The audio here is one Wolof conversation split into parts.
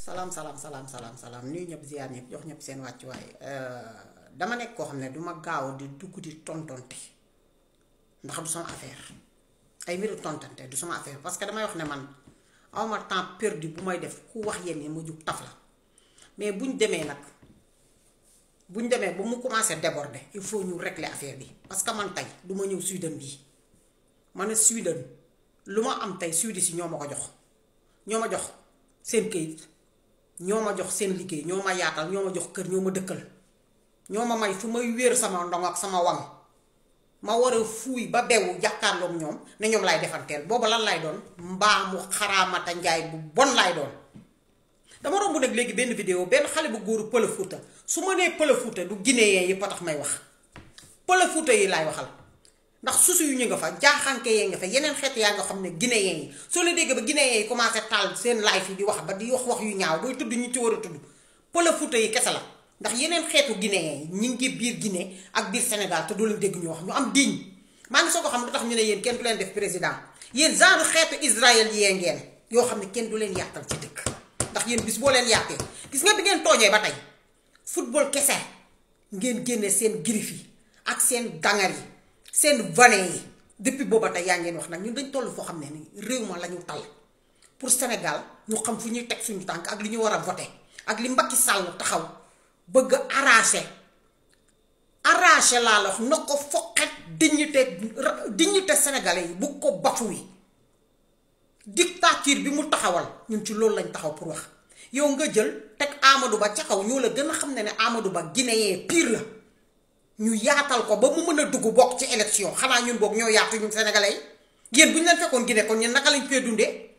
salaam salaam salaam salaam salaam nuyu ñëpp ziar ñëpp jox ñëpp seen wàccuwaay euh, dama nekk koo xam ne du ma gaaw di dugg di tontonte ndax du sama affaire ay mbiru tontante du sama affaire parce que damay wax ne man awma temps perdu bu may def ku wax yenn yi ma jug taf la mais buñ demee nag buñ demee ba mu commencé déborder il faut ñu régler affaire bi parce que man tey du ma ñëw Sweden bii ma ne Sweden lu ma am tey Suisse si ñoo ma ko jox ñoo ma jox seen këyit ñoo ma jox seen liggéey ñoo ma yaatal ñoo ma jox kër ñoo ma dëkkal ñoo ma may fu may wéer sama ndong ak sama wang ma war a fuuy ba bewu jàkkaarloog ñoom ne ñoom laay defanteel booba lan lay doon mbaamu xaraamata njaay bu bon laay doon dama romb nag léegi benn vidéo benn xale bu góor pël Fuuta su ma nee pël Fuuta du guinéen yëpp a tax may wax pël Fuuta yi laay waxal ndax susu yu ñu nga fa jaaxanke yee nga fa yeneen xeet yaa nga xam ne guinéen yi soo la dégg ba guinéen yi commencé taal seen live yi di wax ba di wax wax yu ñaaw booy tudd ñu ci war a tudd pël Fuuta yi kese la ndax yeneen xeetu guinéen yi ñu ngi biir Guinée ak biir Sénégal te doo leen dégg ñu wax ñu am diñ maa ngi soo ko xam lu tax ñu ne yéen kenn du leen def président yéen genre xeetu Israël yee ngeen yoo xam ne kenn du leen yàttal ci dëkk ndax yéen bis boo leen yàttee gis nga bi ngeen toojee ba tey football kese ngeen génne seen girif ak seen dangar yi seen vanne yi depuis booba tey yaa ngeen wax nag ñun dañ toll foo xam ne nii réew ma la ñu tal pour Sénégal ñu xam fu ñuy teg suñu tànk ak li ñu war a voté ak li Macky Sall taxaw bëgg a arraché laa la wax na ko foqet dignité dignité sénégalais yi bu ko bafuwi dictature bi mu taxawal ñun ci loolu lañ taxaw pour wax yow nga jël teg Amadou Ba ca xaw ñoo la gën a xam ne ne amadu Ba guinéen piir la ñu yaatal ko ba mu mën a dugg bokk ci élection xanaa ñun boog ñoo yaatu ñun sénégalais yi yéen bu ñu leen fekkoon Guinée kon ñun naka lañ fee dundee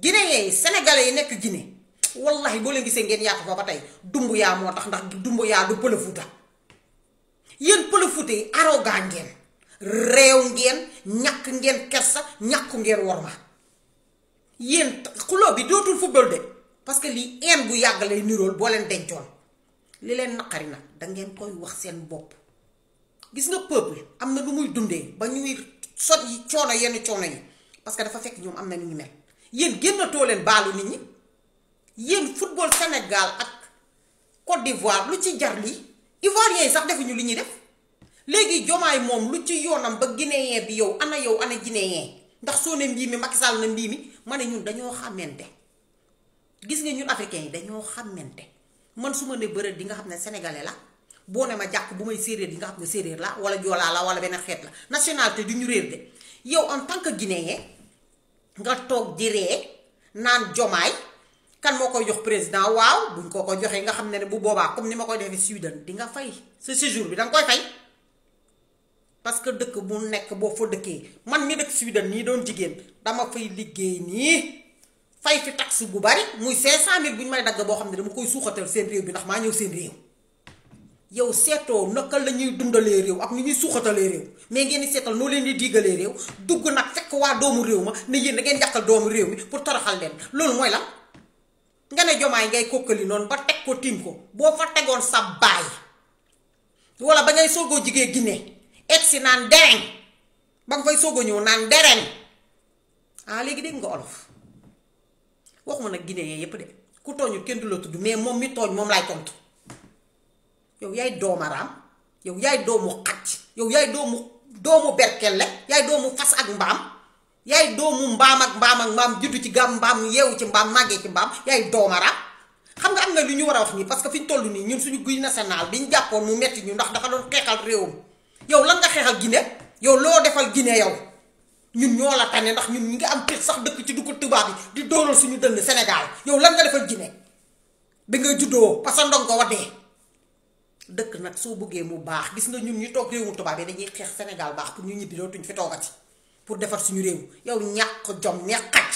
Guinée yi sénégalais yi nekk Guinée wallahi boo leen gisee ngeen yaatu ko ba tey dumbu yaa moo tax ndax dumbu yaa du pël Fuuta yéen pël Fuuta yi ngeen réew ngeen ñàkk ngeen kersa ñàkku ngeen worma yéen xuloo bi dootul football de parce que lii een bu yàgg lay nirool boo leen dencoon li leen naqari nag da ngeen koy wax seen bopp gis nga peuple am na lu muy dundee ba ñuy sot yi coono yenn coono yi parce que dafa fekk ñoom am na lu ñu mel yéen génnatoo leen baalu nit ñi yéen football Sénégal ak Côte d'Ivoire lu ci jar lii Ivoirien yi sax defuñu li ñuy def léegi jomaay moom lu ci yoonam ba guinéen bi yow ana yow ana guinéen ndax soo ne mbii mi Macky Sall na mbii mi ma ne ñun dañoo xàmmante gis nga ñu africains yi dañoo xàmmante man su ma ne bërëb di nga xam ne sénégalais la boo ne ma jàkk bu may séeréer di nga xam ne séeréer la wala joolaa la wala benn xeet la nationalité du ñu réer de yow en tant que guinéen nga toog di ree naan jomaay kan moo koy jox président waaw buñ ko ko joxee nga xam ne ne bu boobaa comme ni ma koy defee Sudan di nga fay sa séjour bi danga koy fay parce que dëkk bu nekk boo fa dëkkee man mi dëkk Sudan nii doon jigéen dama fay liggéey nii fay fi taxe bu bari muy 500000 bu ñu may dagg boo xam ne dama koy suuxatal seen réew bi ndax maa ñëw seen réew. yow seetoo naka la ñuy dundalee réew ak nu ñuy suuxatalee réew mais ngeen di seetal noo leen di digalee réew dugg nag fekk waa doomu réew ma ne yéen da ngeen yàqal doomu réew mi pour toroxal leen loolu mooy la ne jomaay ngay kokkali noonu ba teg ko tiim ko boo fa tegoon sa baay wala ba ngay soogoo jigee Guinée egg si naan dereng ba nga fay soogoo ñëw naan dereng ah léegi dégg nga olof waxuma nag Guinée yee yépp de ku tooñul kenn du la tudd mais moom mi tooñ moom laay tontu. yow yaay doomaraam yow yaay doomu xaj yow yaay doomu doomu berkelle yaay doomu fas ak mbaam yaay doomu mbaam ak mbaam ak mbaam juddu ci gàm mbaam yeewu ci mbaam màggee ci mbaam yaay doomaraam xam nga am na lu ñu war a wax nii parce que fi ñu toll nii ñun suñu guy national bi ñu jàppoon mu metti ñu ndax dafa doon xeexal réewam yow lan nga xeexal Guinée yow loo defal gine yow ñun ñoo la tane ndax ñun ñi nga am tëx sax dëkk ci du ko tubaab yi di dóoral suñu dënn Sénégal yow lan nga defal Guinée bi nga juddoo parce que ndong ko dëkk nag soo bëggee mu baax gis nga ñun ñu toog réewum tubaab yi dañuy xeex Sénégal baax pour ñu ñibbi dootuñ fi toogati pour defar suñu réew yow ñàkk jom neexaj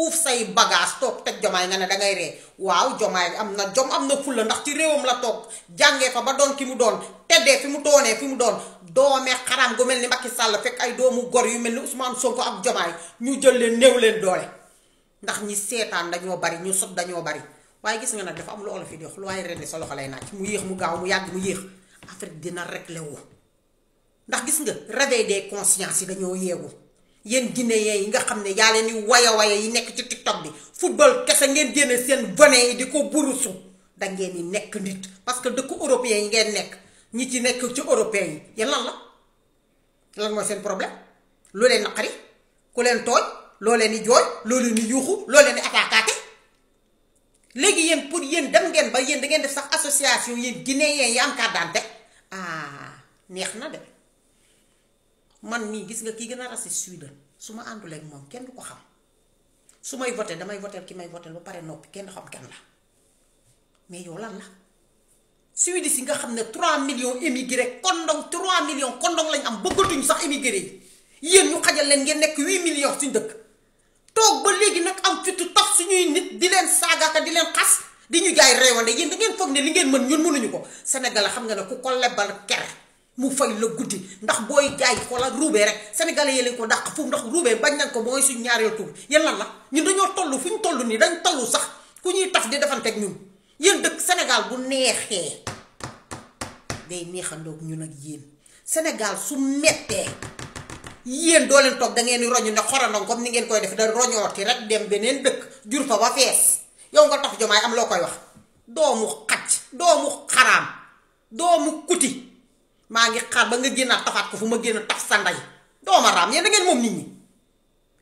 uuf say bagage toog teg jomaay nga ne dangay ree waaw jomaay am na jom am na fulla ndax ci réewam la toog jàngee fa ba doon ki mu doon teddee fi mu toonee fi mu doon doomee xaraam gu mel ni Macky Sall fekk ay doomu gor yu mel ni soo ko am jomaay ñu jël leen néew leen doole ndax ñi seetaan dañoo bari ñu sot dañoo bari waaye gis nga nag dafa am lu olof yi di wax lu waaye rene sa loxo lay naaj mu yéex mu gaaw mu yàgg mu yéex Afrique dina réglé wu ndax gis nga réveil des consciences yi dañoo yeewu yéen guinéen yi nga xam ne yaa leen di waya waya yi nekk ci tiktok bi football kese ngeen génne seen vene yi di ko burusu da ngeen di nekk nit parce que dëkku européen yi ngeen nekk ñi ci nekk ci européen yi yéen lan la lan mooy seen problème lu leen naqari ku leen tooñ loo leen di jooy loo leen léegi yéen pour yéen dem ngeen ba yéen da ngeen def sax association yéen guinéen yi am carte d'identité ah neex na de man mii gis nga kii gën a raciste Suède su ma àndul moom kenn du ko xam su may voté damay voté ki may voté ba pare noppi kenn xam kenn la mais yow lan la Suède si nga xam ne 3 millions émigré kondong 3 millions kondong lañ am bëggatuñ sax émigré yi yéen ñu xajal leen ngeen nekk 8 millions suñ dëkk. am fitu tax suñuy nit di leen saagaaka di leen xas di ñu jaay réewande yéen da ngeen foog ne li ngeen mën ñun mënuñu ko Sénégal xam nga ne ku ko lebal kere mu fay la guddi ndax booy jaay xoola ruubee rek senegal yi lañ ko dàq foofu ndax ruubee nañ ko mooy suñ ñaareel tur yéen lan la ñun dañoo toll fu ñu toll nii dañ toll sax ku ñuy taf di defanteeg ñun yéen dëkk senegal bu neexee day neexandoog ñun nag yéen Sénégal su mettee yéen doo leen toog da ngeen di roñu ne xorandong comme ni ngeen def da roñooti rek dem beneen dëkk jur fa ba fees yow nga tax jomaay am loo koy wax doomu xaj doomu xaraam doomu kuti maa ngi xaar ba nga génnaat tafaat ko fu ma génn taf sa ndey dooma raam yéen da ngeen moom nit ñi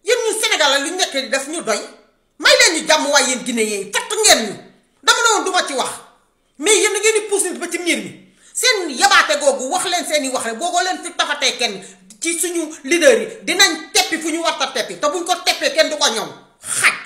yéen ñu Sénégal la lu nekk di def ñu doy may leen ñu jàmm waaye yéen Guinée yi fatt ngeen ñu dama ne woon du ma ci wax mais yéen da ngeen di nit ba ci miir mi seen yabaate googu wax leen seen i wax rek boogoo leen fi tafatee kenn ci suñu leader yi dinañ teppi fu ñu war a teppi te ko teppee kenn du ko ñoom xaj